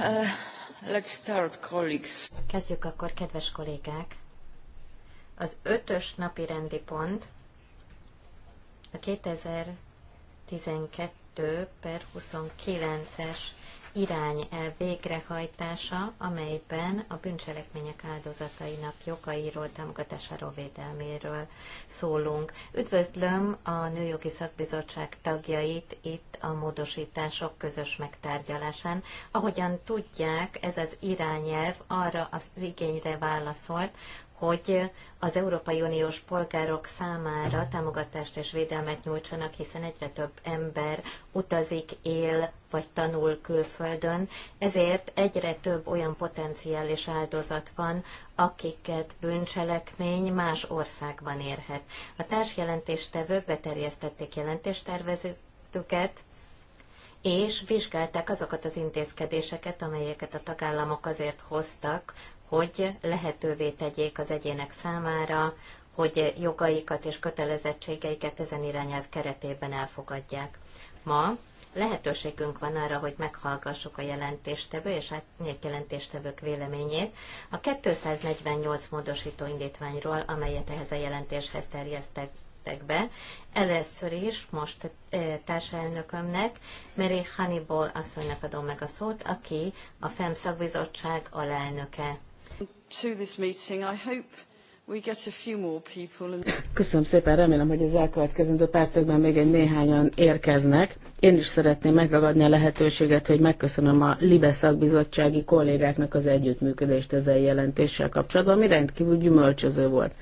Uh, let's start, colleagues. Kezdjük akkor, kedves kollégák. Az ötös napi rendi pont a 2012 per 29-es irány végrehajtása, amelyben a bűncselekmények áldozatainak jogairól, támogatásáról, védelméről szólunk. Üdvözlöm a Nőjogi Szakbizottság tagjait itt a módosítások közös megtárgyalásán. Ahogyan tudják, ez az irányelv arra az igényre válaszolt, hogy az Európai Uniós polgárok számára támogatást és védelmet nyújtsanak, hiszen egyre több ember utazik, él, vagy tanul külföldön, ezért egyre több olyan potenciális áldozat van, akiket bűncselekmény más országban érhet. A társjelentéstevők beterjesztették jelentéstervezőtüket, és vizsgálták azokat az intézkedéseket, amelyeket a tagállamok azért hoztak, hogy lehetővé tegyék az egyének számára, hogy jogaikat és kötelezettségeiket ezen irányelv keretében elfogadják. Ma lehetőségünk van arra, hogy meghallgassuk a jelentéstevő és a jelentéstevők véleményét a 248 módosító indítványról, amelyet ehhez a jelentéshez terjesztek be. Először is most e, társelnökömnek, Mary Hannibal asszonynak adom meg a szót, aki a FEM szakbizottság alelnöke. To this meeting, I hope Köszönöm szépen, remélem, hogy az elkövetkezendő percekben még egy néhányan érkeznek. Én is szeretném megragadni a lehetőséget, hogy megköszönöm a Libe szakbizottsági kollégáknak az együttműködést ezzel jelentéssel kapcsolatban, ami rendkívül gyümölcsöző volt.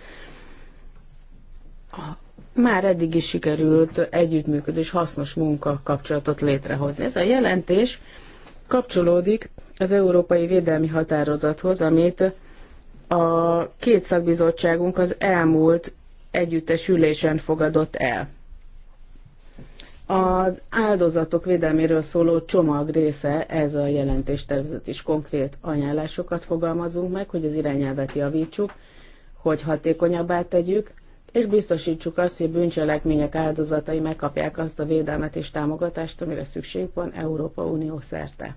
Már eddig is sikerült együttműködés, hasznos munka kapcsolatot létrehozni. Ez a jelentés kapcsolódik az Európai Védelmi Határozathoz, amit a két szakbizottságunk az elmúlt együttes ülésen fogadott el. Az áldozatok védelméről szóló csomag része ez a jelentéstervezet is konkrét ajánlásokat fogalmazunk meg, hogy az irányelvet javítsuk, hogy hatékonyabbá tegyük, és biztosítsuk azt, hogy bűncselekmények áldozatai megkapják azt a védelmet és támogatást, amire szükség van Európa Unió szerte.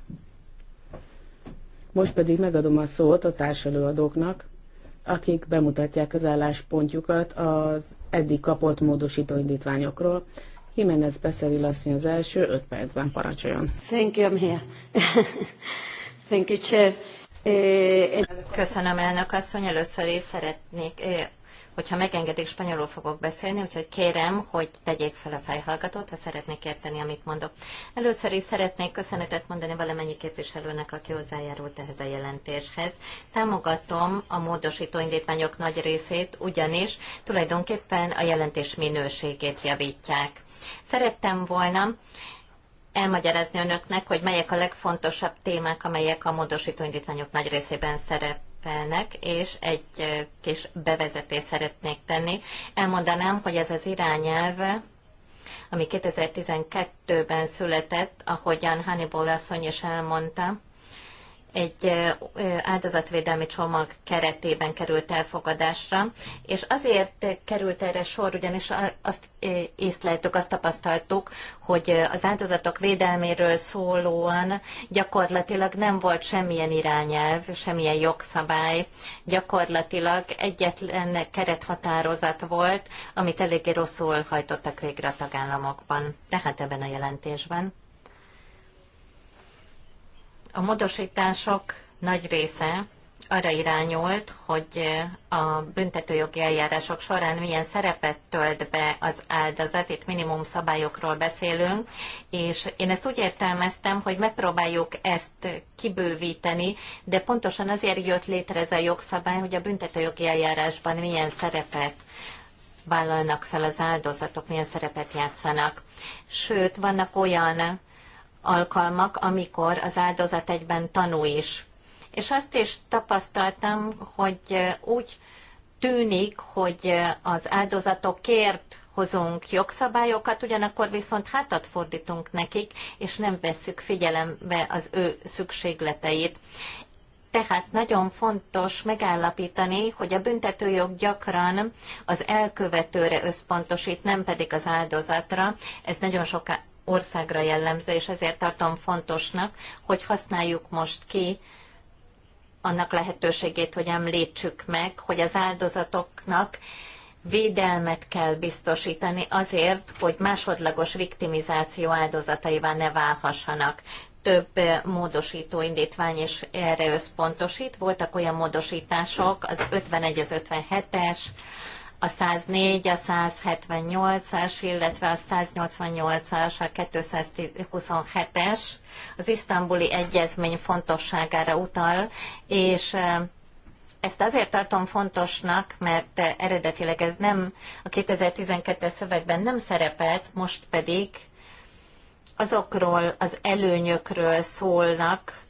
Most pedig megadom a szót a társelőadóknak, akik bemutatják az álláspontjukat az eddig kapott módosító indítványokról. Jiménez beszeri asszony az első, öt percben parancsoljon. Thank you, I'm here. Thank you, Chair. Eh, eh, Köszönöm, elnök asszony. Először is szeretnék eh, Hogyha megengedik, spanyolul fogok beszélni, úgyhogy kérem, hogy tegyék fel a fejhallgatót, ha szeretnék érteni, amit mondok. Először is szeretnék köszönetet mondani valamennyi képviselőnek, aki hozzájárult ehhez a jelentéshez. Támogatom a módosító indítványok nagy részét, ugyanis tulajdonképpen a jelentés minőségét javítják. Szerettem volna elmagyarázni önöknek, hogy melyek a legfontosabb témák, amelyek a módosító indítványok nagy részében szerep felnek, és egy kis bevezetést szeretnék tenni. Elmondanám, hogy ez az irányelv ami 2012-ben született, ahogyan Hannibal asszony is elmondta, egy áldozatvédelmi csomag keretében került elfogadásra, és azért került erre sor, ugyanis azt észleltük, azt tapasztaltuk, hogy az áldozatok védelméről szólóan gyakorlatilag nem volt semmilyen irányelv, semmilyen jogszabály, gyakorlatilag egyetlen kerethatározat volt, amit eléggé rosszul hajtottak végre a tagállamokban, tehát ebben a jelentésben. A módosítások nagy része arra irányult, hogy a büntetőjogi eljárások során milyen szerepet tölt be az áldozat, itt minimum szabályokról beszélünk, és én ezt úgy értelmeztem, hogy megpróbáljuk ezt kibővíteni, de pontosan azért jött létre ez a jogszabály, hogy a büntetőjogi eljárásban milyen szerepet vállalnak fel az áldozatok, milyen szerepet játszanak. Sőt, vannak olyan alkalmak, amikor az áldozat egyben tanú is. És azt is tapasztaltam, hogy úgy tűnik, hogy az áldozatokért hozunk jogszabályokat, ugyanakkor viszont hátat fordítunk nekik, és nem vesszük figyelembe az ő szükségleteit. Tehát nagyon fontos megállapítani, hogy a büntetőjog gyakran az elkövetőre összpontosít, nem pedig az áldozatra. Ez nagyon sok országra jellemző, és ezért tartom fontosnak, hogy használjuk most ki annak lehetőségét, hogy említsük meg, hogy az áldozatoknak védelmet kell biztosítani azért, hogy másodlagos viktimizáció áldozataivá ne válhassanak. Több eh, módosító indítvány is erre összpontosít. Voltak olyan módosítások, az 51-es, 57-es, a 104, a 178-as, illetve a 188-as, a 227-es az isztambuli egyezmény fontosságára utal, és ezt azért tartom fontosnak, mert eredetileg ez nem a 2012-es szövegben nem szerepelt, most pedig azokról az előnyökről szólnak,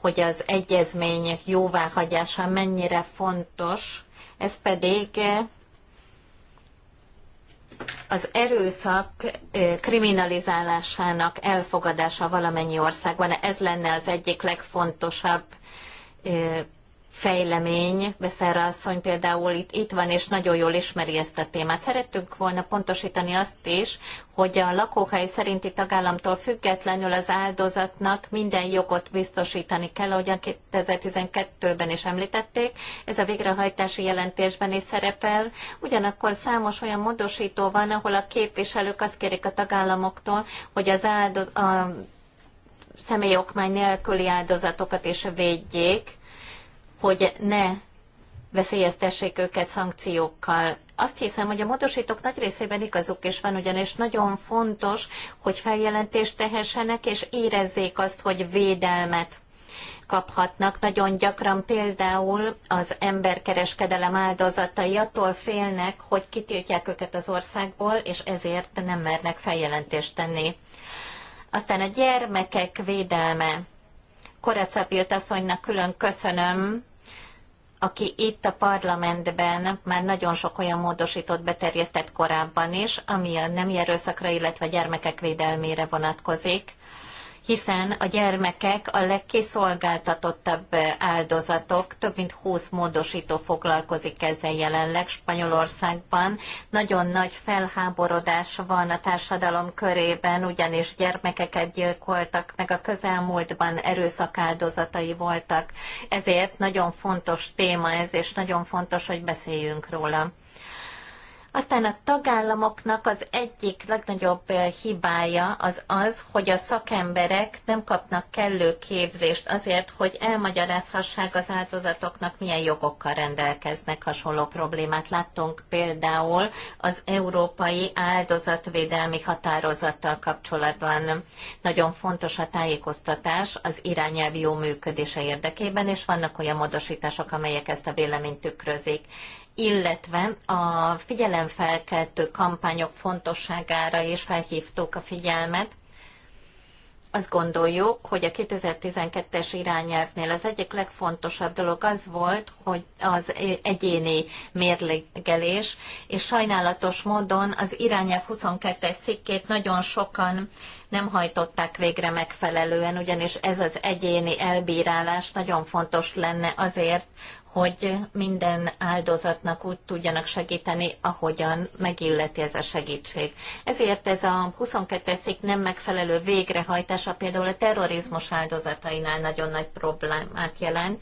hogy az egyezmény jóváhagyása mennyire fontos, ez pedig az erőszak kriminalizálásának elfogadása valamennyi országban, ez lenne az egyik legfontosabb fejlemény. Beszerre asszony például itt, itt van, és nagyon jól ismeri ezt a témát. Szerettünk volna pontosítani azt is, hogy a lakóhely szerinti tagállamtól függetlenül az áldozatnak minden jogot biztosítani kell, ahogyan 2012-ben is említették. Ez a végrehajtási jelentésben is szerepel. Ugyanakkor számos olyan módosító van, ahol a képviselők azt kérik a tagállamoktól, hogy az áldoz, a személyokmány nélküli áldozatokat is védjék, hogy ne veszélyeztessék őket szankciókkal. Azt hiszem, hogy a módosítók nagy részében igazuk is van, ugyanis nagyon fontos, hogy feljelentést tehessenek, és érezzék azt, hogy védelmet kaphatnak. Nagyon gyakran például az emberkereskedelem áldozatai attól félnek, hogy kitiltják őket az országból, és ezért nem mernek feljelentést tenni. Aztán a gyermekek védelme. Koracapilt asszonynak külön köszönöm, aki itt a parlamentben már nagyon sok olyan módosított beterjesztett korábban is, ami a nemi erőszakra, illetve gyermekek védelmére vonatkozik hiszen a gyermekek a legkiszolgáltatottabb áldozatok, több mint 20 módosító foglalkozik ezzel jelenleg Spanyolországban. Nagyon nagy felháborodás van a társadalom körében, ugyanis gyermekeket gyilkoltak, meg a közelmúltban erőszak áldozatai voltak. Ezért nagyon fontos téma ez, és nagyon fontos, hogy beszéljünk róla. Aztán a tagállamoknak az egyik legnagyobb hibája az az, hogy a szakemberek nem kapnak kellő képzést azért, hogy elmagyarázhassák az áldozatoknak, milyen jogokkal rendelkeznek hasonló problémát. Láttunk például az Európai Áldozatvédelmi Határozattal kapcsolatban. Nagyon fontos a tájékoztatás az irányelv jó működése érdekében, és vannak olyan módosítások, amelyek ezt a véleményt tükrözik illetve a figyelemfelkeltő kampányok fontosságára is felhívtuk a figyelmet. Azt gondoljuk, hogy a 2012-es irányelvnél az egyik legfontosabb dolog az volt, hogy az egyéni mérlegelés, és sajnálatos módon az irányelv 22-es cikkét nagyon sokan nem hajtották végre megfelelően, ugyanis ez az egyéni elbírálás nagyon fontos lenne azért, hogy minden áldozatnak úgy tudjanak segíteni, ahogyan megilleti ez a segítség. Ezért ez a 22. szik nem megfelelő végrehajtása például a terrorizmus áldozatainál nagyon nagy problémát jelent,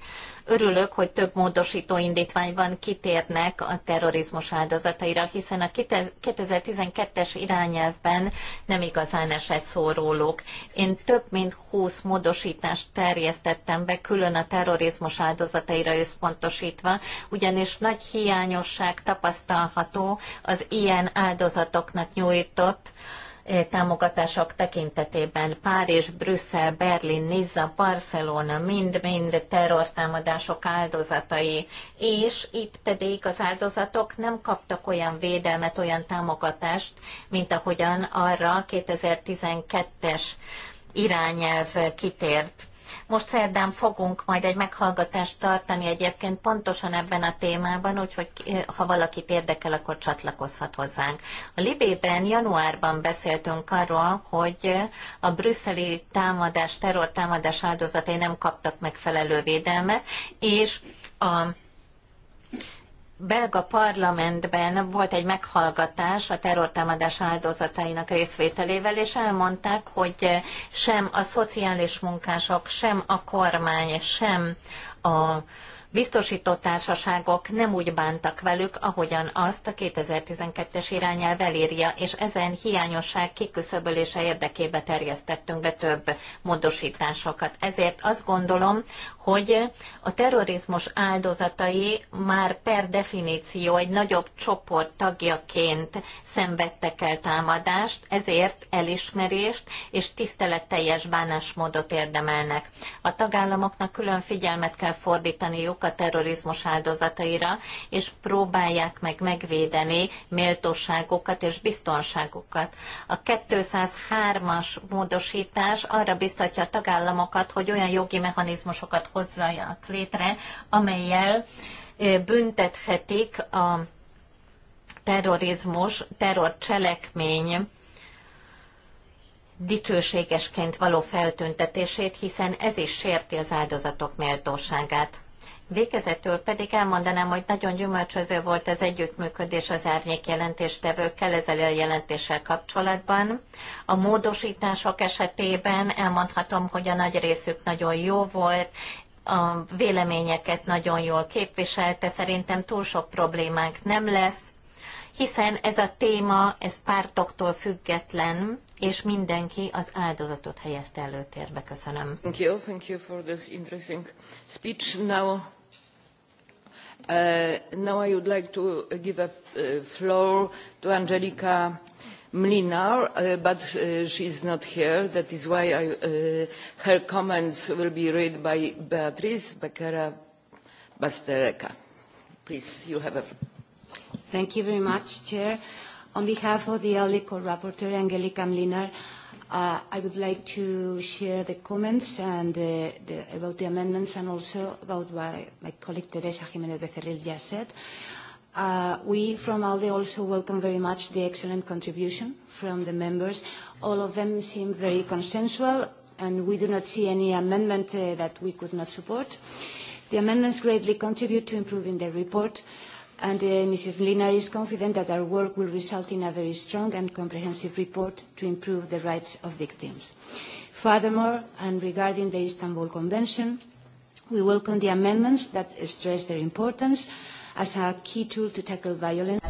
Örülök, hogy több módosító indítványban kitérnek a terrorizmus áldozataira, hiszen a 2012-es irányelvben nem igazán esett szó róluk. Én több mint 20 módosítást terjesztettem be, külön a terrorizmus áldozataira összpontosítva, ugyanis nagy hiányosság tapasztalható az ilyen áldozatoknak nyújtott E, támogatások tekintetében Párizs, Brüsszel, Berlin, Nizza, Barcelona mind-mind terrortámadások áldozatai, és itt pedig az áldozatok nem kaptak olyan védelmet, olyan támogatást, mint ahogyan arra 2012-es irányelv kitért. Most szerdán fogunk majd egy meghallgatást tartani egyébként pontosan ebben a témában, úgyhogy eh, ha valakit érdekel, akkor csatlakozhat hozzánk. A Libében januárban beszéltünk arról, hogy eh, a brüsszeli támadás, terrortámadás áldozatai nem kaptak megfelelő védelmet, és a belga parlamentben volt egy meghallgatás a terrortámadás áldozatainak részvételével, és elmondták, hogy sem a szociális munkások, sem a kormány, sem a biztosító társaságok nem úgy bántak velük, ahogyan azt a 2012-es irányelv elírja, és ezen hiányosság kiküszöbölése érdekébe terjesztettünk be több módosításokat. Ezért azt gondolom, hogy a terrorizmus áldozatai már per definíció egy nagyobb csoport tagjaként szenvedtek el támadást, ezért elismerést és tiszteletteljes bánásmódot érdemelnek. A tagállamoknak külön figyelmet kell fordítaniuk a terrorizmus áldozataira, és próbálják meg megvédeni méltóságokat és biztonságukat. A 203-as módosítás arra biztatja a tagállamokat, hogy olyan jogi mechanizmusokat hozzanak létre, amelyel büntethetik a terrorizmus, terrorcselekmény dicsőségesként való feltüntetését, hiszen ez is sérti az áldozatok méltóságát. Végezetül pedig elmondanám, hogy nagyon gyümölcsöző volt az együttműködés az árnyék jelentéstevőkkel ezzel a jelentéssel kapcsolatban. A módosítások esetében elmondhatom, hogy a nagy részük nagyon jó volt, a véleményeket nagyon jól képviselte, szerintem túl sok problémánk nem lesz, hiszen ez a téma, ez pártoktól független, és mindenki az áldozatot helyezte előtérbe. Köszönöm. Thank you, thank you for this interesting speech. Now, uh, now I would like to give a uh, floor to Angelica mlinar uh, but uh, she is not here that is why uh, her comments will be read by beatriz becerra basterreca. thank you very much chair on behalf of the ALDE co-rapporteur angelika Mlinar I would like to share the comments about the amendments and also about what my colleague Teresa jimnez Becerril just said. Uh, we from ALDE also welcome very much the excellent contribution from the members. All of them seem very consensual, and we do not see any amendment uh, that we could not support. The amendments greatly contribute to improving the report, and uh, Mrs. Linar is confident that our work will result in a very strong and comprehensive report to improve the rights of victims. Furthermore, and regarding the Istanbul Convention, we welcome the amendments that stress their importance as a key tool to tackle violence.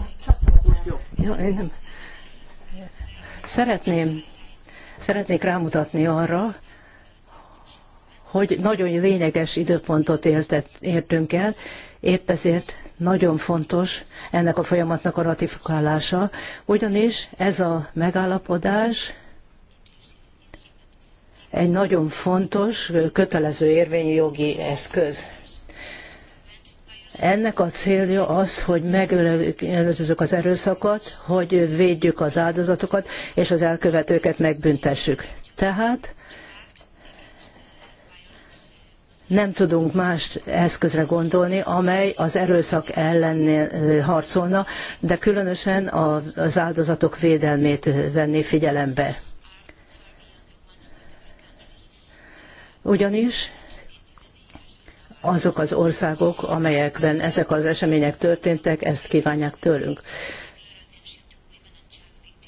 Jó, én nem. Szeretném, szeretnék rámutatni arra, hogy nagyon lényeges időpontot éltet, értünk el, épp ezért nagyon fontos ennek a folyamatnak a ratifikálása, ugyanis ez a megállapodás egy nagyon fontos, kötelező érvényi jogi eszköz. Ennek a célja az, hogy megelőzzük az erőszakot, hogy védjük az áldozatokat, és az elkövetőket megbüntessük. Tehát nem tudunk más eszközre gondolni, amely az erőszak ellen harcolna, de különösen az áldozatok védelmét venni figyelembe. Ugyanis azok az országok, amelyekben ezek az események történtek, ezt kívánják tőlünk.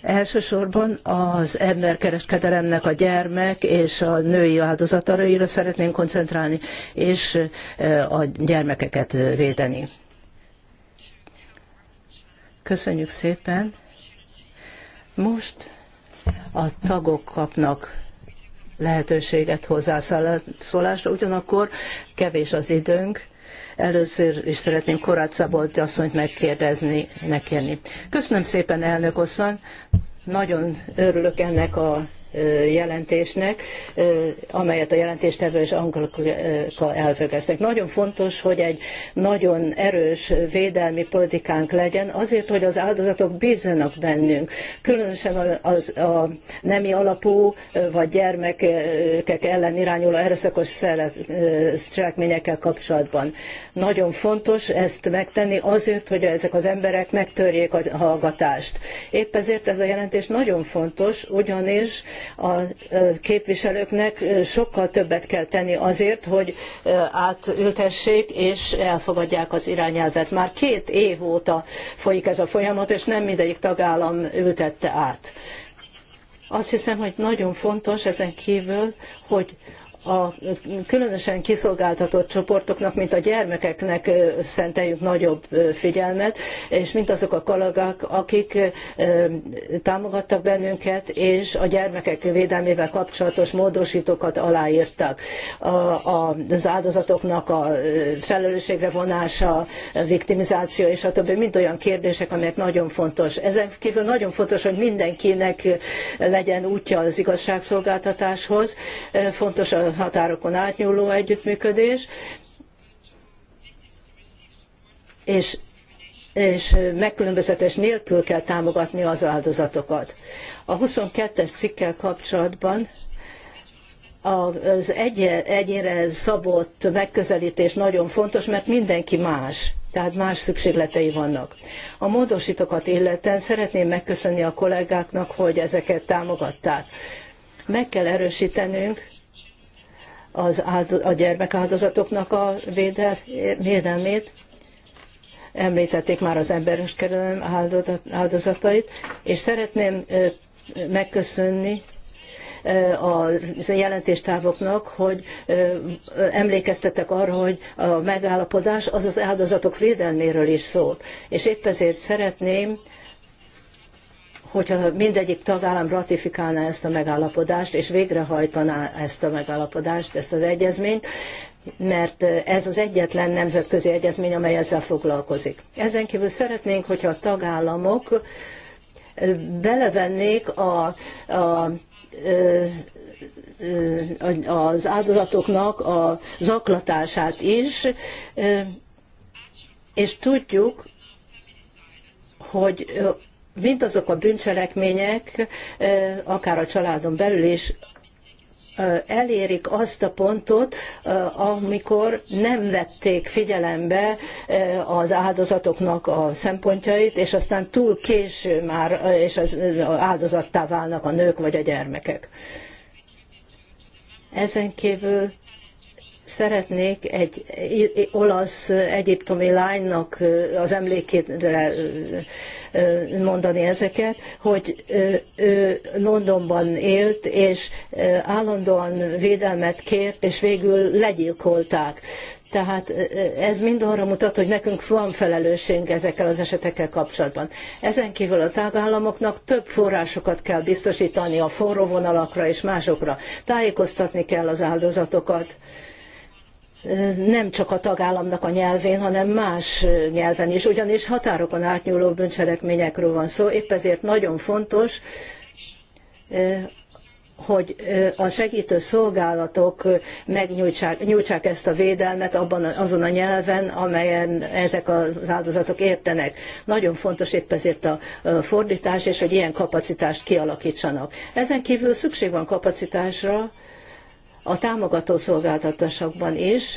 Elsősorban az emberkereskedelemnek a gyermek és a női áldozataira szeretnénk koncentrálni, és e, a gyermekeket védeni. Köszönjük szépen. Most a tagok kapnak lehetőséget hozzászólásra. Ugyanakkor kevés az időnk, Először is szeretném Korát Szabolt asszonyt megkérdezni, megkérni. Köszönöm szépen, elnök asszony. Nagyon örülök ennek a jelentésnek, amelyet a jelentéstervő és Anglika elvögeznek. Nagyon fontos, hogy egy nagyon erős védelmi politikánk legyen, azért, hogy az áldozatok bízzanak bennünk. Különösen az, a nemi alapú vagy gyermekek ellen irányuló erőszakos cselekményekkel kapcsolatban. Nagyon fontos ezt megtenni azért, hogy ezek az emberek megtörjék a hallgatást. Épp ezért ez a jelentés nagyon fontos, ugyanis a képviselőknek sokkal többet kell tenni azért, hogy átültessék és elfogadják az irányelvet. Már két év óta folyik ez a folyamat, és nem mindegyik tagállam ültette át. Azt hiszem, hogy nagyon fontos ezen kívül, hogy a különösen kiszolgáltatott csoportoknak, mint a gyermekeknek szenteljük nagyobb figyelmet, és mint azok a kollégák, akik támogattak bennünket, és a gyermekek védelmével kapcsolatos módosítókat aláírtak. Az áldozatoknak a felelősségre vonása, viktimizáció és a többi, mind olyan kérdések, amelyek nagyon fontos. Ezen kívül nagyon fontos, hogy mindenkinek legyen útja az igazságszolgáltatáshoz. Fontos a határokon átnyúló együttműködés, és, és megkülönbözetes nélkül kell támogatni az áldozatokat. A 22-es cikkel kapcsolatban az egyénre szabott megközelítés nagyon fontos, mert mindenki más, tehát más szükségletei vannak. A módosítókat illetően szeretném megköszönni a kollégáknak, hogy ezeket támogatták. Meg kell erősítenünk az áld, a gyermekáldozatoknak a védel, védelmét, említették már az embereskedelem áldozatait, és szeretném megköszönni a jelentéstávoknak, hogy emlékeztetek arra, hogy a megállapodás az az áldozatok védelméről is szól. És épp ezért szeretném, hogyha mindegyik tagállam ratifikálná ezt a megállapodást, és végrehajtaná ezt a megállapodást, ezt az egyezményt, mert ez az egyetlen nemzetközi egyezmény, amely ezzel foglalkozik. Ezen kívül szeretnénk, hogyha a tagállamok belevennék a, a, az áldozatoknak a zaklatását is, és tudjuk, hogy mint azok a bűncselekmények, eh, akár a családon belül is, eh, elérik azt a pontot, eh, amikor nem vették figyelembe az áldozatoknak a szempontjait, és aztán túl késő már, és az áldozattá válnak a nők vagy a gyermekek. Ezen kívül szeretnék egy olasz egyiptomi lánynak az emlékére mondani ezeket, hogy ő Londonban élt, és állandóan védelmet kért, és végül legyilkolták. Tehát ez mind arra mutat, hogy nekünk van felelősségünk ezekkel az esetekkel kapcsolatban. Ezen kívül a tagállamoknak több forrásokat kell biztosítani a forró vonalakra és másokra. Tájékoztatni kell az áldozatokat nem csak a tagállamnak a nyelvén, hanem más nyelven is, ugyanis határokon átnyúló bűncselekményekről van szó. Épp ezért nagyon fontos, hogy a segítő szolgálatok megnyújtsák nyújtsák ezt a védelmet abban azon a nyelven, amelyen ezek az áldozatok értenek. Nagyon fontos épp ezért a fordítás, és hogy ilyen kapacitást kialakítsanak. Ezen kívül szükség van kapacitásra, a támogató szolgáltatásokban is,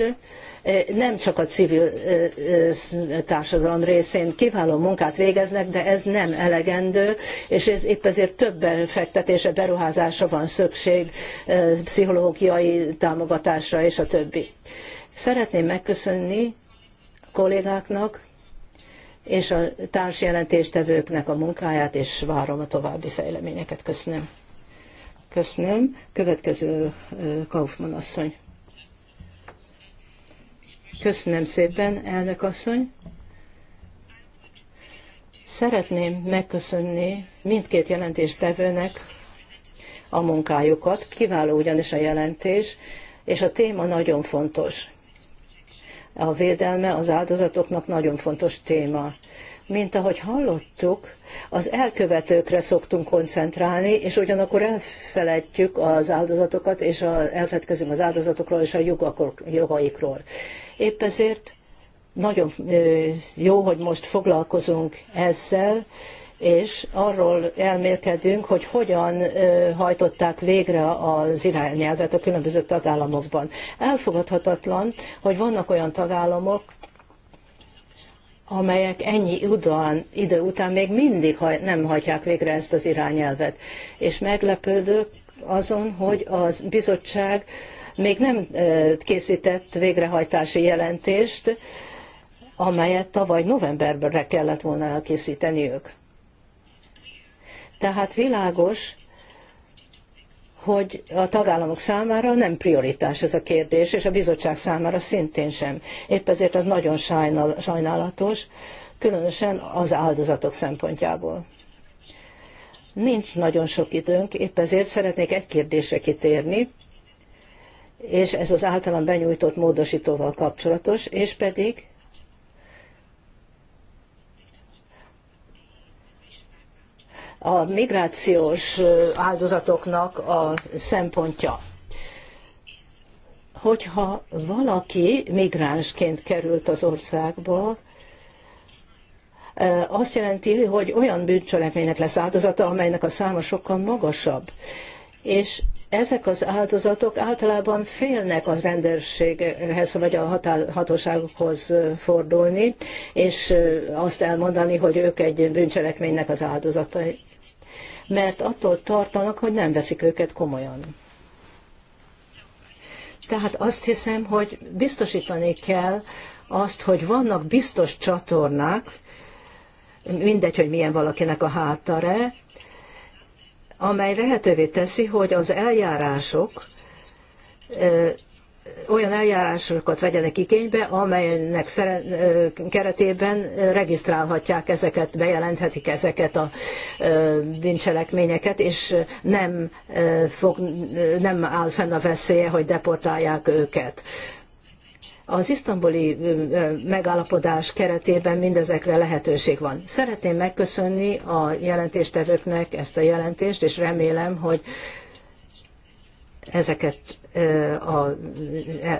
eh, nem csak a civil eh, eh, társadalom részén kiváló munkát végeznek, de ez nem elegendő, és ez épp ezért több befektetése, beruházásra van szükség, pszichológiai támogatásra és a többi. Szeretném megköszönni a kollégáknak és a társjelentéstevőknek a munkáját, és várom a további fejleményeket. Köszönöm. Köszönöm. Következő Kaufmann asszony. Köszönöm szépen, elnök asszony. Szeretném megköszönni mindkét jelentéstevőnek a munkájukat. Kiváló ugyanis a jelentés, és a téma nagyon fontos. A védelme az áldozatoknak nagyon fontos téma. Mint ahogy hallottuk, az elkövetőkre szoktunk koncentrálni, és ugyanakkor elfeledjük az áldozatokat, és a, elfedkezünk az áldozatokról és a jogakor, jogaikról. Épp ezért nagyon jó, hogy most foglalkozunk ezzel, és arról elmélkedünk, hogy hogyan hajtották végre az irányelvet a különböző tagállamokban. Elfogadhatatlan, hogy vannak olyan tagállamok, amelyek ennyi udan, idő után még mindig haj, nem hagyják végre ezt az irányelvet. És meglepődök azon, hogy a az bizottság még nem készített végrehajtási jelentést, amelyet tavaly novemberben kellett volna elkészíteniük. Tehát világos, hogy a tagállamok számára nem prioritás ez a kérdés, és a bizottság számára szintén sem. Épp ezért az nagyon sajnal, sajnálatos, különösen az áldozatok szempontjából. Nincs nagyon sok időnk, épp ezért szeretnék egy kérdésre kitérni, és ez az általam benyújtott módosítóval kapcsolatos, és pedig a migrációs áldozatoknak a szempontja. Hogyha valaki migránsként került az országba, azt jelenti, hogy olyan bűncselekménynek lesz áldozata, amelynek a száma sokkal magasabb. És ezek az áldozatok általában félnek az rendőrséghez vagy a hatóságokhoz fordulni, és azt elmondani, hogy ők egy bűncselekménynek az áldozatai mert attól tartanak, hogy nem veszik őket komolyan. Tehát azt hiszem, hogy biztosítani kell azt, hogy vannak biztos csatornák, mindegy, hogy milyen valakinek a háttere, amely lehetővé teszi, hogy az eljárások olyan eljárásokat vegyenek igénybe, amelynek keretében regisztrálhatják ezeket, bejelenthetik ezeket a bűncselekményeket, és nem, fog, nem áll fenn a veszélye, hogy deportálják őket. Az isztambuli megállapodás keretében mindezekre lehetőség van. Szeretném megköszönni a jelentéstevőknek ezt a jelentést, és remélem, hogy ezeket a,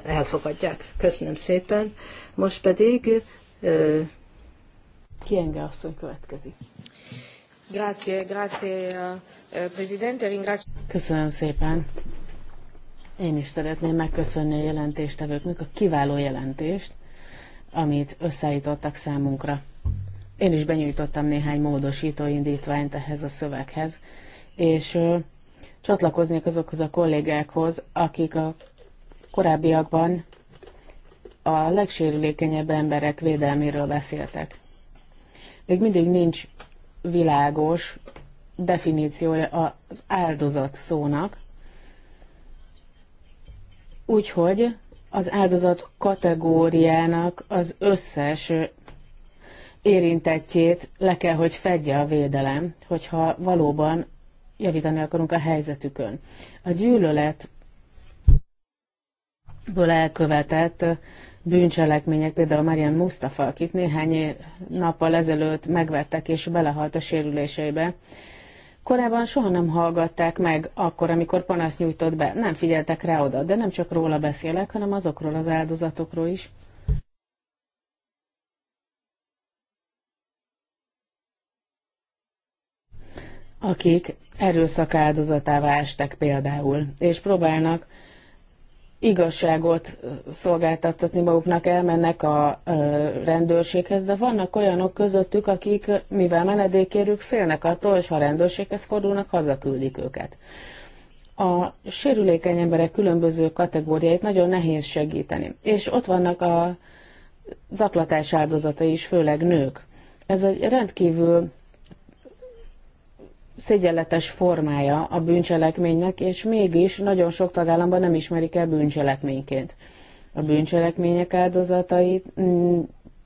elfogadják. Köszönöm szépen. Most pedig Kienge asszony következik. Grazie, grazie, Presidente, ringrazio. Köszönöm szépen. Én is szeretném megköszönni a jelentéstevőknek a kiváló jelentést, amit összeállítottak számunkra. Én is benyújtottam néhány módosító indítványt ehhez a szöveghez, és csatlakoznék azokhoz a kollégákhoz, akik a korábbiakban a legsérülékenyebb emberek védelméről beszéltek. Még mindig nincs világos definíciója az áldozat szónak, úgyhogy az áldozat kategóriának az összes érintettjét le kell, hogy fedje a védelem, hogyha valóban javítani akarunk a helyzetükön. A gyűlöletből elkövetett bűncselekmények, például Marian Mustafa, akit néhány nappal ezelőtt megvertek és belehalt a sérüléseibe, Korábban soha nem hallgatták meg, akkor, amikor panaszt nyújtott be, nem figyeltek rá oda, de nem csak róla beszélek, hanem azokról az áldozatokról is, akik erőszak áldozatává estek például, és próbálnak igazságot szolgáltatni maguknak, elmennek a rendőrséghez, de vannak olyanok közöttük, akik, mivel menedékérük, félnek attól, és ha a rendőrséghez fordulnak, hazaküldik őket. A sérülékeny emberek különböző kategóriáit nagyon nehéz segíteni. És ott vannak a zaklatás áldozatai is, főleg nők. Ez egy rendkívül szégyenletes formája a bűncselekménynek, és mégis nagyon sok tagállamban nem ismerik el bűncselekményként. A bűncselekmények áldozatait mm,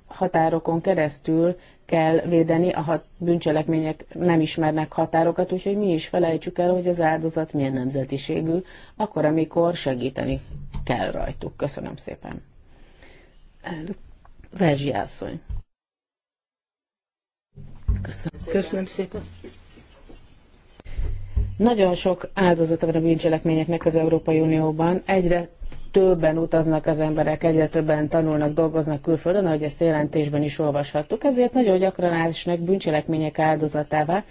határokon keresztül kell védeni, a hat bűncselekmények nem ismernek határokat, úgyhogy mi is felejtsük el, hogy az áldozat milyen nemzetiségű, akkor, amikor segíteni kell rajtuk. Köszönöm szépen. Verzsi Köszönöm Köszönöm szépen. Nagyon sok áldozata van a bűncselekményeknek az Európai Unióban. Egyre többen utaznak az emberek, egyre többen tanulnak, dolgoznak külföldön, ahogy ezt jelentésben is olvashattuk, ezért nagyon gyakran ásnak bűncselekmények áldozatává.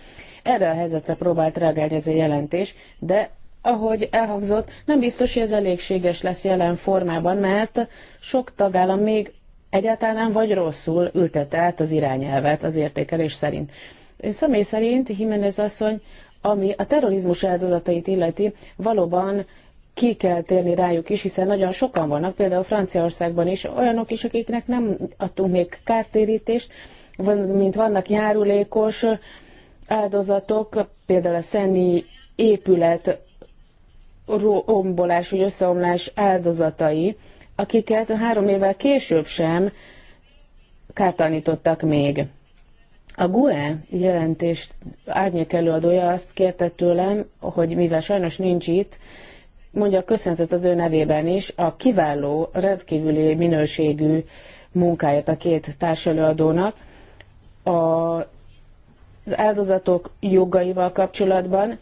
Erre a helyzetre próbált reagálni ez a jelentés, de ahogy elhangzott, nem biztos, hogy ez elégséges lesz jelen formában, mert sok tagállam még egyáltalán nem vagy rosszul ültette át az irányelvet az értékelés szerint. Én személy szerint Jimenez asszony ami a terrorizmus áldozatait illeti, valóban ki kell térni rájuk is, hiszen nagyon sokan vannak, például Franciaországban is, olyanok is, akiknek nem adtunk még kártérítést, mint vannak járulékos áldozatok, például a Szenni épület rombolás vagy összeomlás áldozatai, akiket három évvel később sem kártalanítottak még. A GUE jelentést árnyék előadója azt kérte tőlem, hogy mivel sajnos nincs itt, mondja köszöntet az ő nevében is a kiváló, rendkívüli minőségű munkáját a két társelőadónak a, az áldozatok jogaival kapcsolatban.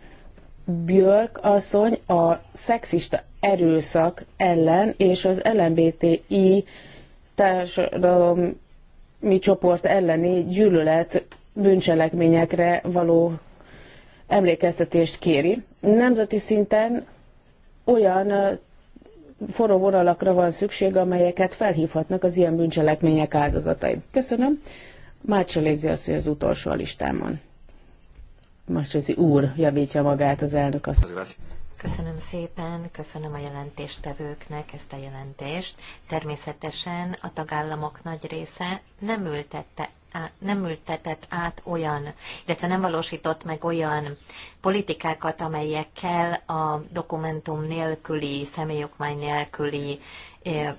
Björk asszony a szexista erőszak ellen és az LMBTI társadalom mi csoport elleni gyűlölet bűncselekményekre való emlékeztetést kéri. Nemzeti szinten olyan forró vonalakra van szükség, amelyeket felhívhatnak az ilyen bűncselekmények áldozatai. Köszönöm. Lézi az, hogy az utolsó a listámon. Mácsolézi úr javítja magát az elnök azt. Köszönöm szépen, köszönöm a jelentéstevőknek ezt a jelentést. Természetesen a tagállamok nagy része nem ültette nem ültetett át olyan, illetve nem valósított meg olyan politikákat, amelyekkel a dokumentum nélküli, személyokmány nélküli e,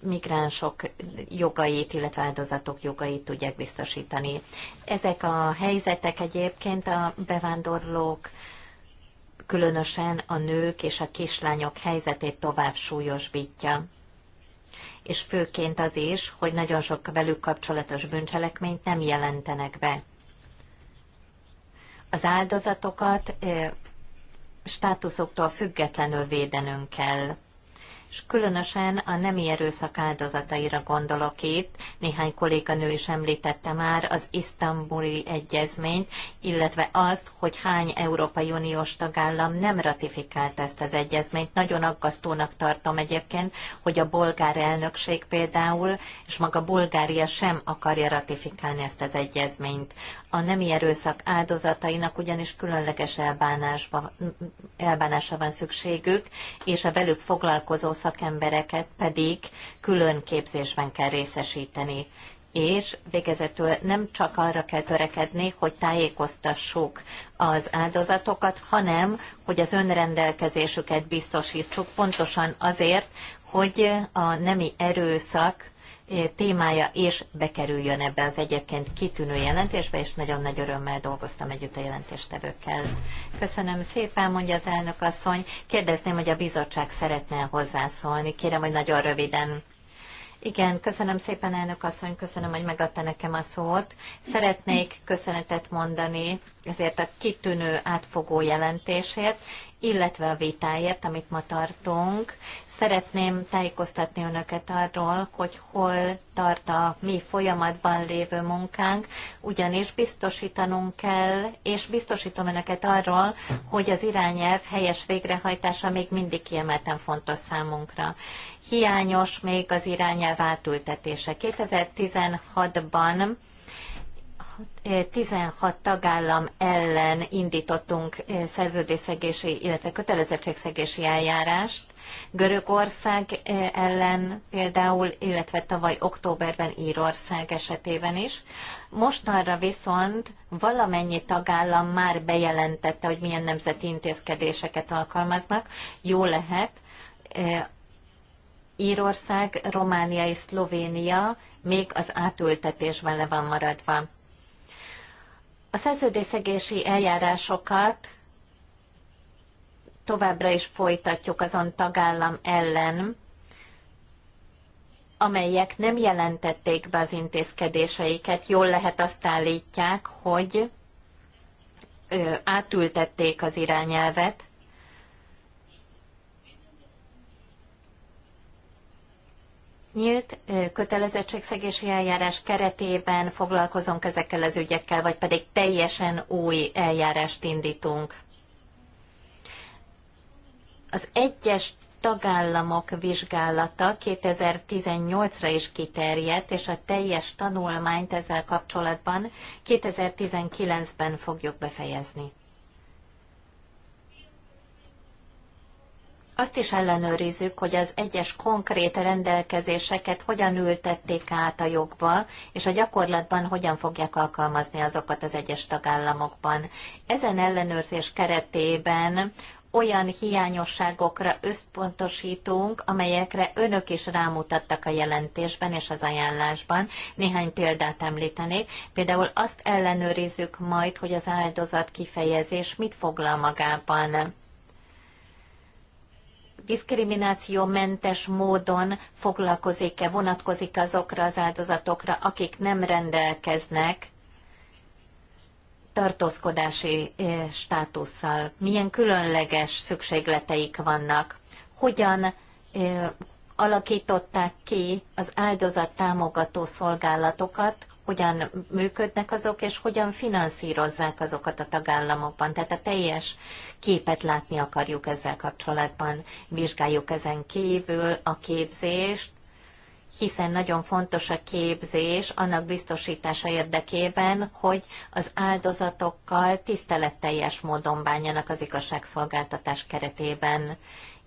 migránsok jogait, illetve áldozatok jogait tudják biztosítani. Ezek a helyzetek egyébként a bevándorlók különösen a nők és a kislányok helyzetét tovább súlyosbítja. És főként az is, hogy nagyon sok velük kapcsolatos bűncselekményt nem jelentenek be. Az áldozatokat státuszoktól függetlenül védenünk kell és különösen a nemi erőszak áldozataira gondolok itt. Néhány kolléganő is említette már az isztambuli egyezményt, illetve azt, hogy hány Európai Uniós tagállam nem ratifikált ezt az egyezményt. Nagyon aggasztónak tartom egyébként, hogy a bolgár elnökség például, és maga Bulgária sem akarja ratifikálni ezt az egyezményt. A nemi erőszak áldozatainak ugyanis különleges elbánásba, elbánásra van szükségük, és a velük foglalkozó szakembereket pedig külön képzésben kell részesíteni és végezetül nem csak arra kell törekedni, hogy tájékoztassuk az áldozatokat, hanem hogy az önrendelkezésüket biztosítsuk, pontosan azért, hogy a nemi erőszak Eh, témája és bekerüljön ebbe az egyébként kitűnő jelentésbe, és nagyon nagy örömmel dolgoztam együtt a jelentéstevőkkel. Köszönöm szépen, mondja az elnök asszony. Kérdezném, hogy a bizottság szeretne hozzászólni. Kérem, hogy nagyon röviden. Igen, köszönöm szépen, elnök asszony, köszönöm, hogy megadta nekem a szót. Szeretnék köszönetet mondani ezért a kitűnő átfogó jelentésért, illetve a vitáért, amit ma tartunk. Szeretném tájékoztatni önöket arról, hogy hol tart a mi folyamatban lévő munkánk, ugyanis biztosítanunk kell, és biztosítom önöket arról, hogy az irányelv helyes végrehajtása még mindig kiemelten fontos számunkra. Hiányos még az irányelv átültetése. 2016-ban 16 tagállam ellen indítottunk eh, szerződésszegési, illetve kötelezettségszegési eljárást, Görögország eh, ellen például, illetve tavaly októberben Írország esetében is. Mostanra viszont valamennyi tagállam már bejelentette, hogy milyen nemzeti intézkedéseket alkalmaznak. Jó lehet, eh, Írország, Románia és Szlovénia még az átültetésben le van maradva. A szerződésszegési eljárásokat továbbra is folytatjuk azon tagállam ellen, amelyek nem jelentették be az intézkedéseiket. Jól lehet azt állítják, hogy ö, átültették az irányelvet, nyílt kötelezettségszegési eljárás keretében foglalkozunk ezekkel az ügyekkel, vagy pedig teljesen új eljárást indítunk. Az egyes tagállamok vizsgálata 2018-ra is kiterjedt, és a teljes tanulmányt ezzel kapcsolatban 2019-ben fogjuk befejezni. Azt is ellenőrizzük, hogy az egyes konkrét rendelkezéseket hogyan ültették át a jogba, és a gyakorlatban hogyan fogják alkalmazni azokat az egyes tagállamokban. Ezen ellenőrzés keretében olyan hiányosságokra összpontosítunk, amelyekre önök is rámutattak a jelentésben és az ajánlásban. Néhány példát említenék. Például azt ellenőrizzük majd, hogy az áldozat kifejezés mit foglal magában diszkriminációmentes módon foglalkozik-e, vonatkozik azokra az áldozatokra, akik nem rendelkeznek tartózkodási státusszal, milyen különleges szükségleteik vannak, hogyan alakították ki az áldozat támogató szolgálatokat, hogyan működnek azok, és hogyan finanszírozzák azokat a tagállamokban. Tehát a teljes képet látni akarjuk ezzel kapcsolatban. Vizsgáljuk ezen kívül a képzést, hiszen nagyon fontos a képzés annak biztosítása érdekében, hogy az áldozatokkal tiszteletteljes módon bánjanak az igazságszolgáltatás keretében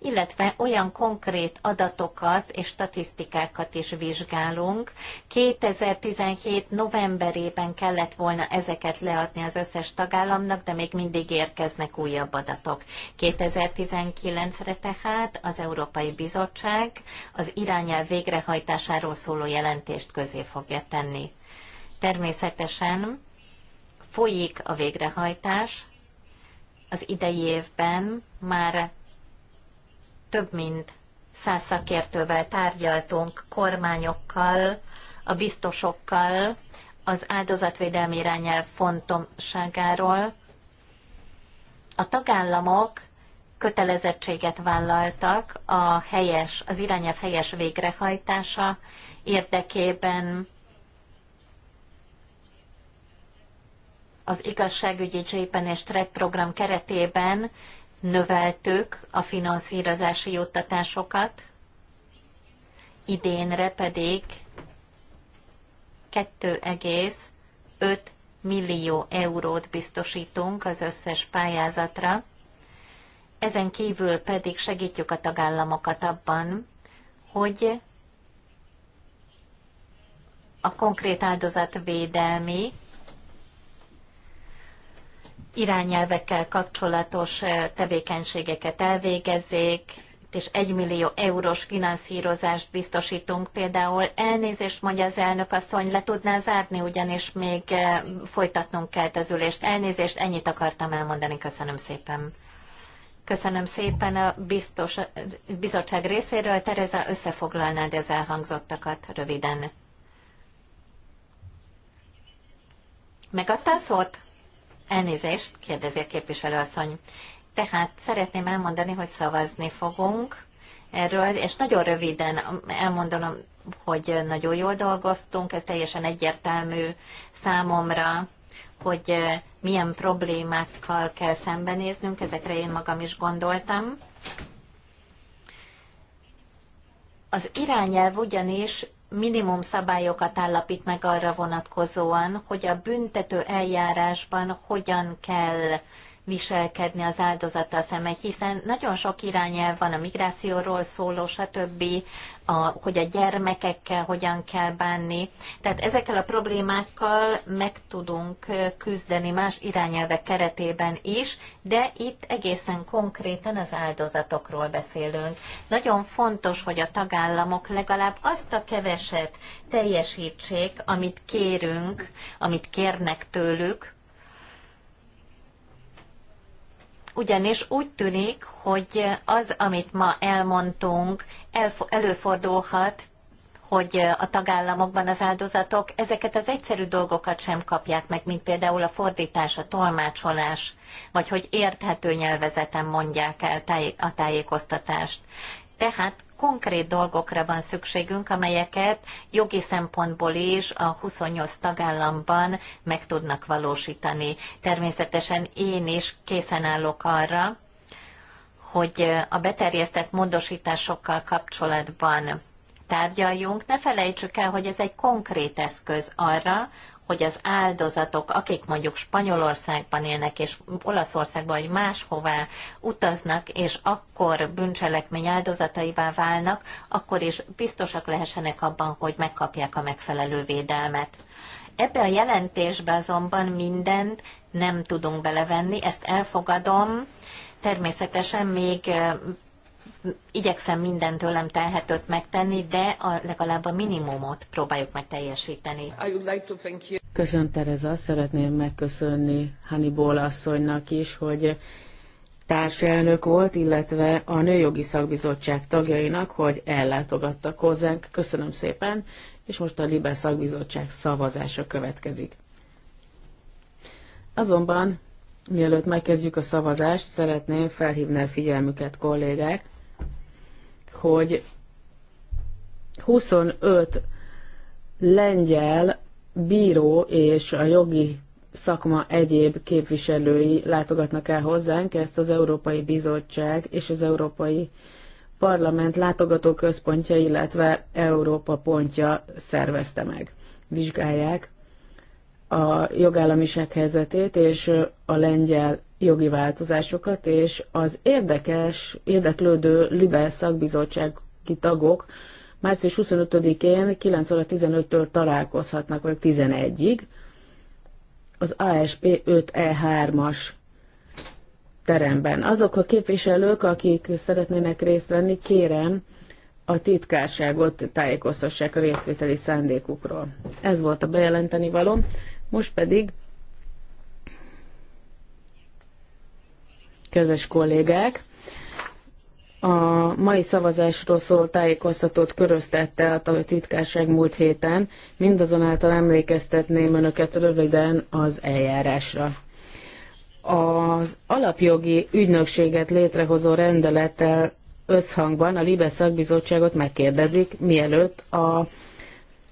illetve olyan konkrét adatokat és statisztikákat is vizsgálunk. 2017 novemberében kellett volna ezeket leadni az összes tagállamnak, de még mindig érkeznek újabb adatok. 2019-re tehát az Európai Bizottság az irányelv végrehajtásáról szóló jelentést közé fogja tenni. Természetesen folyik a végrehajtás. Az idei évben már több mint száz szakértővel tárgyaltunk, kormányokkal, a biztosokkal, az áldozatvédelmi irányelv fontosságáról. A tagállamok kötelezettséget vállaltak a helyes, az irányelv helyes végrehajtása érdekében az igazságügyi JPEN és TREP program keretében növeltük a finanszírozási juttatásokat, idénre pedig 2,5 millió eurót biztosítunk az összes pályázatra, ezen kívül pedig segítjük a tagállamokat abban, hogy a konkrét áldozatvédelmi irányelvekkel kapcsolatos tevékenységeket elvégezzék, és 1 millió eurós finanszírozást biztosítunk például. Elnézést mondja az elnök asszony, le tudná zárni, ugyanis még folytatnunk kell az ülést. Elnézést, ennyit akartam elmondani, köszönöm szépen. Köszönöm szépen a biztos, bizottság részéről. Tereza, összefoglalnád az elhangzottakat röviden. Megadta a szót? Elnézést, kérdezi a képviselőasszony. Tehát szeretném elmondani, hogy szavazni fogunk erről, és nagyon röviden elmondom, hogy nagyon jól dolgoztunk, ez teljesen egyértelmű számomra, hogy milyen problémákkal kell szembenéznünk, ezekre én magam is gondoltam. Az irányelv ugyanis minimum szabályokat állapít meg arra vonatkozóan, hogy a büntető eljárásban hogyan kell viselkedni az áldozattal szemben, hiszen nagyon sok irányelv van a migrációról szóló, stb., a, hogy a gyermekekkel hogyan kell bánni. Tehát ezekkel a problémákkal meg tudunk küzdeni más irányelvek keretében is, de itt egészen konkrétan az áldozatokról beszélünk. Nagyon fontos, hogy a tagállamok legalább azt a keveset teljesítsék, amit kérünk, amit kérnek tőlük, ugyanis úgy tűnik, hogy az, amit ma elmondtunk, előfordulhat, hogy a tagállamokban az áldozatok ezeket az egyszerű dolgokat sem kapják meg, mint például a fordítás, a tolmácsolás, vagy hogy érthető nyelvezeten mondják el a tájékoztatást. Tehát konkrét dolgokra van szükségünk, amelyeket jogi szempontból is a 28 tagállamban meg tudnak valósítani. Természetesen én is készen állok arra, hogy a beterjesztett módosításokkal kapcsolatban tárgyaljunk, ne felejtsük el, hogy ez egy konkrét eszköz arra, hogy az áldozatok, akik mondjuk Spanyolországban élnek, és Olaszországban, vagy máshová utaznak, és akkor bűncselekmény áldozataivá válnak, akkor is biztosak lehessenek abban, hogy megkapják a megfelelő védelmet. Ebbe a jelentésbe azonban mindent nem tudunk belevenni, ezt elfogadom, Természetesen még igyekszem minden tőlem telhetőt megtenni, de a, legalább a minimumot próbáljuk meg teljesíteni. Köszönöm, Tereza. Szeretném megköszönni Hannibal asszonynak is, hogy társelnök volt, illetve a Nőjogi Szakbizottság tagjainak, hogy ellátogattak hozzánk. Köszönöm szépen, és most a Libe Szakbizottság szavazása következik. Azonban, mielőtt megkezdjük a szavazást, szeretném felhívni a figyelmüket kollégák, hogy 25 lengyel bíró és a jogi szakma egyéb képviselői látogatnak el hozzánk, ezt az Európai Bizottság és az Európai Parlament látogató központja, illetve Európa pontja szervezte meg. Vizsgálják a jogállamiság helyzetét és a lengyel jogi változásokat, és az érdekes, érdeklődő Libel szakbizottsági tagok március 25-én 9 óra 15-től találkozhatnak, vagy 11-ig, az ASP 5E3-as teremben. Azok a képviselők, akik szeretnének részt venni, kérem, a titkárságot tájékoztassák a részvételi szándékukról. Ez volt a bejelenteni való. Most pedig, kedves kollégák, a mai szavazásról szóló tájékoztatót köröztette a titkárság múlt héten, mindazonáltal emlékeztetném önöket röviden az eljárásra. Az alapjogi ügynökséget létrehozó rendelettel összhangban a Libe szakbizottságot megkérdezik, mielőtt a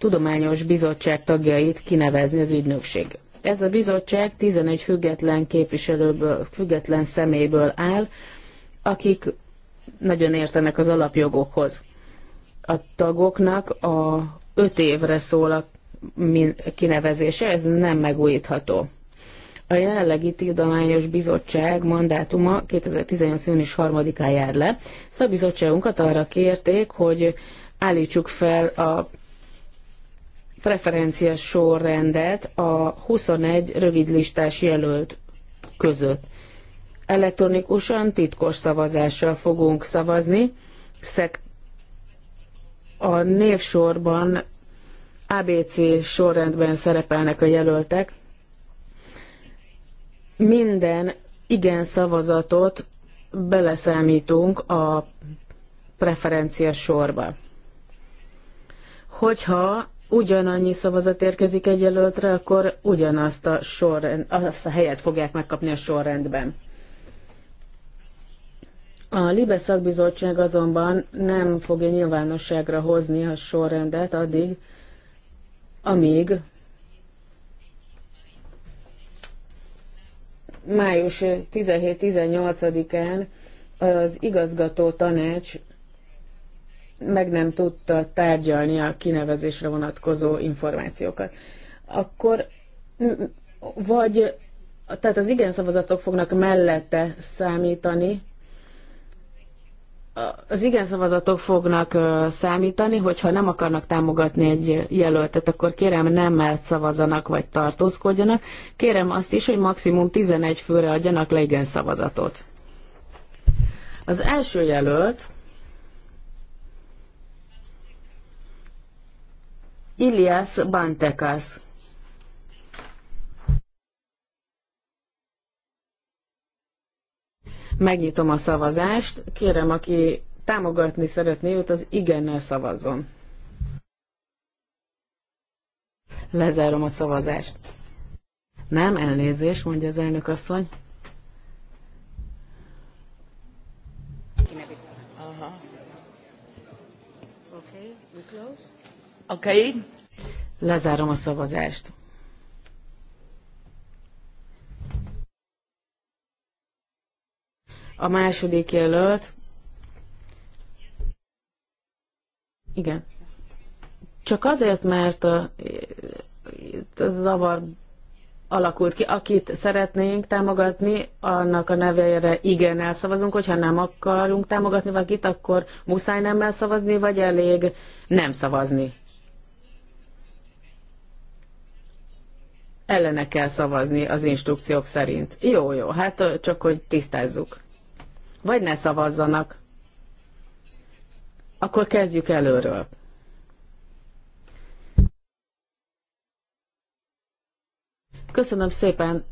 tudományos bizottság tagjait kinevezni az ügynökség. Ez a bizottság 11 független képviselőből, független személyből áll, akik nagyon értenek az alapjogokhoz. A tagoknak a 5 évre szól a kinevezése, ez nem megújítható. A jelenlegi Tudományos Bizottság mandátuma 2018. június 3-án jár le. Szabizottságunkat arra kérték, hogy állítsuk fel a preferenciás sorrendet a 21 rövidlistás jelölt között. Elektronikusan titkos szavazással fogunk szavazni. A névsorban ABC sorrendben szerepelnek a jelöltek. Minden igen szavazatot beleszámítunk a preferencia sorba. Hogyha ugyanannyi szavazat érkezik egy jelöltre, akkor ugyanazt a, sorrend, azt a helyet fogják megkapni a sorrendben. A Libe szakbizottság azonban nem fogja nyilvánosságra hozni a sorrendet addig, amíg május 17-18-án az igazgató tanács meg nem tudta tárgyalni a kinevezésre vonatkozó információkat. Akkor vagy, tehát az igen szavazatok fognak mellette számítani, az igen szavazatok fognak számítani, hogyha nem akarnak támogatni egy jelöltet, akkor kérem mert szavazanak vagy tartózkodjanak. Kérem azt is, hogy maximum 11 főre adjanak le igen szavazatot. Az első jelölt Ilias Bantekas. Megnyitom a szavazást. Kérem, aki támogatni szeretné őt, az igennel szavazzon. Lezárom a szavazást. Nem, elnézés, mondja az elnök asszony. Aha. Okay, we close. Okay. Lezárom a szavazást. A második jelölt. Igen. Csak azért, mert a, a zavar alakult ki. Akit szeretnénk támogatni, annak a nevére igen elszavazunk, hogyha nem akarunk támogatni valakit, akkor muszáj nem elszavazni, vagy elég nem szavazni. ellene kell szavazni az instrukciók szerint. Jó, jó, hát csak hogy tisztázzuk. Vagy ne szavazzanak. Akkor kezdjük előről. Köszönöm szépen,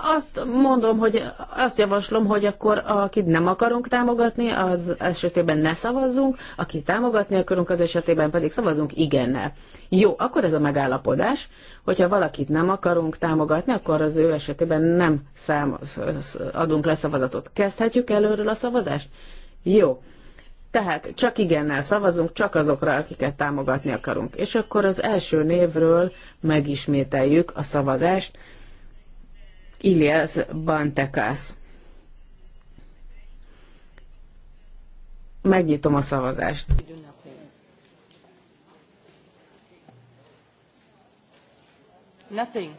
azt mondom, hogy azt javaslom, hogy akkor akit nem akarunk támogatni, az esetében ne szavazzunk, akit támogatni akarunk, az esetében pedig szavazunk igennel. Jó, akkor ez a megállapodás, hogyha valakit nem akarunk támogatni, akkor az ő esetében nem szám, adunk le szavazatot. Kezdhetjük előről a szavazást? Jó. Tehát csak igennel szavazunk, csak azokra, akiket támogatni akarunk. És akkor az első névről megismételjük a szavazást, Ilias Bantekász. Megnyitom a szavazást. Nothing.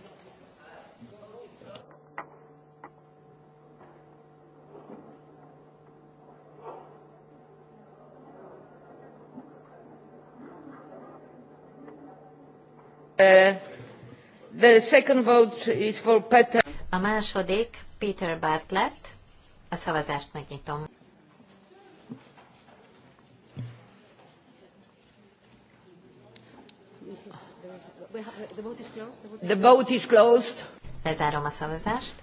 Uh, the second vote is for Peter. A második Peter Bartlett. A szavazást megnyitom. The vote is closed. Lezárom a szavazást.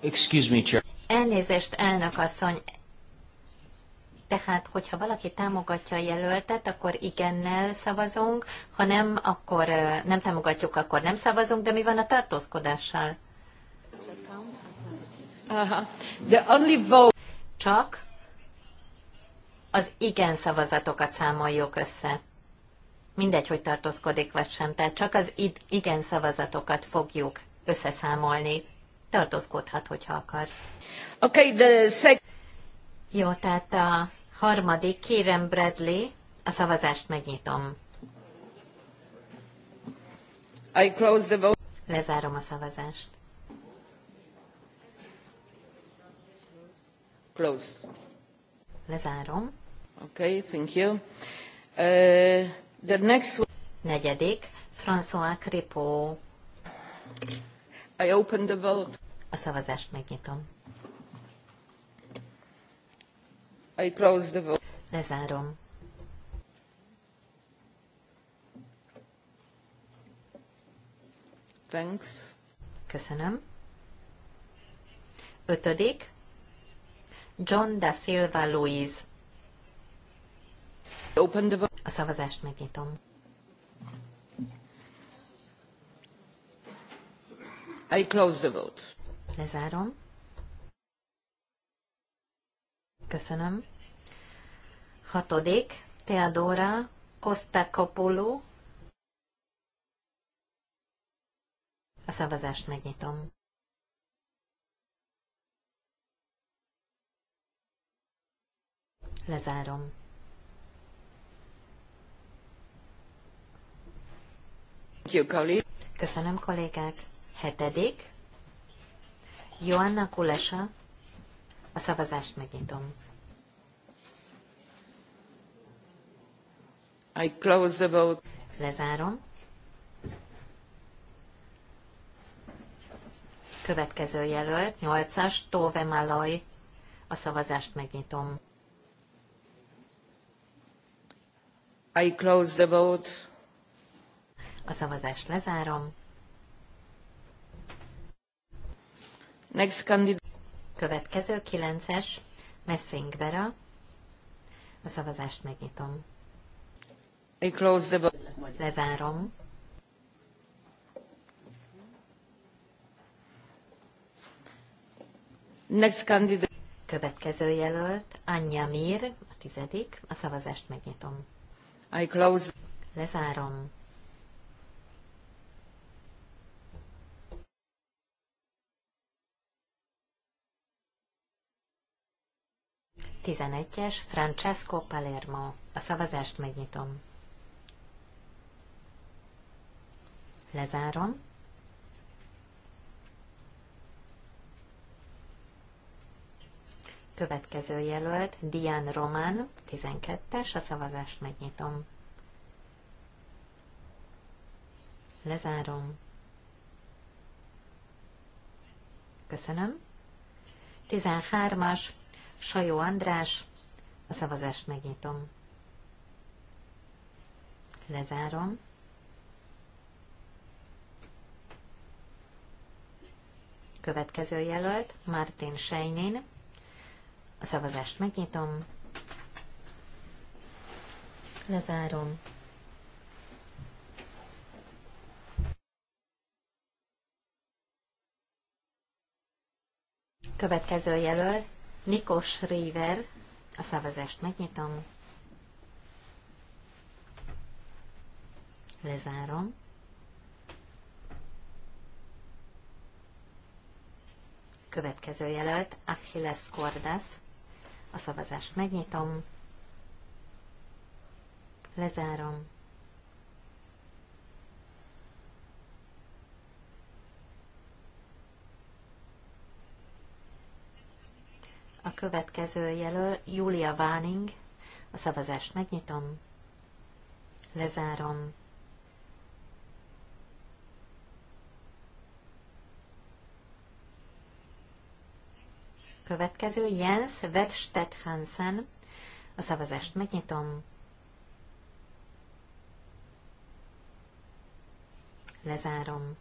Excuse me, Chair. Elnézést, elnök asszony, tehát, hogyha valaki támogatja a jelöltet, akkor igennel szavazunk, ha nem, akkor nem támogatjuk, akkor nem szavazunk, de mi van a tartózkodással? Csak az igen szavazatokat számoljuk össze. Mindegy, hogy tartózkodik vagy sem, tehát csak az igen szavazatokat fogjuk összeszámolni. Tartózkodhat, hogyha akar. Okay, the sec- Jó, tehát a Harmadik, kérem Bradley, a szavazást megnyitom. I close the vote. Lezárom a szavazást. Close. Lezárom. Okay, thank you. Uh, the next Negyedik, François Crépeau. I open the vote. A szavazást megnyitom. I close the vote. Lezárom. Thanks. Köszönöm. Ötödik. John da Silva Luiz. Open the vote. A szavazást megnyitom. I close the vote. Lezárom. Köszönöm. Hatodik, Teodora Kostakopoulou. A szavazást megnyitom. Lezárom. Köszönöm, kollégák. Hetedik. Joanna Kulesa. A szavazást megnyitom. I close the vote. Lezárom. Következő jelölt, 8-as, Tove Malaj. A szavazást megnyitom. I close the vote. A szavazást lezárom. Next candidate. Következő 9-es Messing Vera. A szavazást megnyitom. I close the... Lezárom. Next candidate. Következő jelölt, Anya Mir, a tizedik. A szavazást megnyitom. I close. Lezárom. 11-es Francesco Palermo. A szavazást megnyitom. Lezárom. Következő jelölt Dian Román, 12-es, a szavazást megnyitom. Lezárom. Köszönöm. 13-as Sajó András, a szavazást megnyitom. Lezárom. Következő jelölt, Martin Sejnén. A szavazást megnyitom. Lezárom. Következő jelölt, Nikos Réver, a szavazást megnyitom. Lezárom. Következő jelölt Achilles Cordas. A szavazást megnyitom. Lezárom. következő jelöl, Julia Váning. A szavazást megnyitom, lezárom. Következő Jens Wettstedt Hansen. A szavazást megnyitom. Lezárom.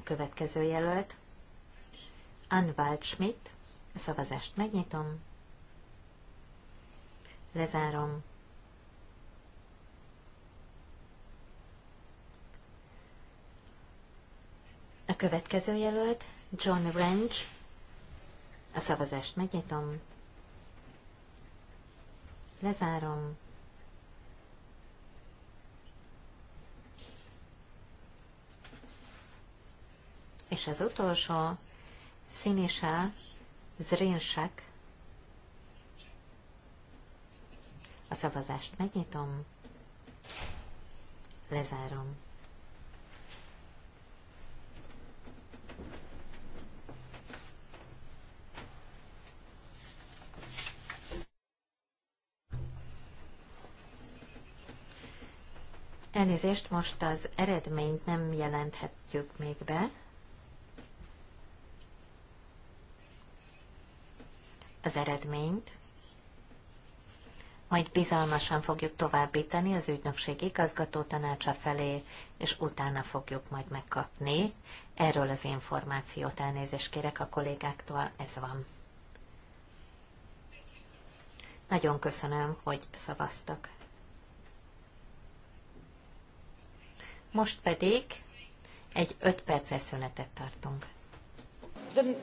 a következő jelölt. Anwald Schmidt. A szavazást megnyitom. Lezárom. A következő jelölt John Wrench. A szavazást megnyitom. Lezárom. És az utolsó Szinisá Zrinsek. A szavazást megnyitom, lezárom. Elnézést, most az eredményt nem jelenthetjük még be, az eredményt, majd bizalmasan fogjuk továbbítani az ügynökség igazgató tanácsa felé, és utána fogjuk majd megkapni. Erről az információt elnézést kérek a kollégáktól, ez van. Nagyon köszönöm, hogy szavaztak. Most pedig egy 5 perces szünetet tartunk.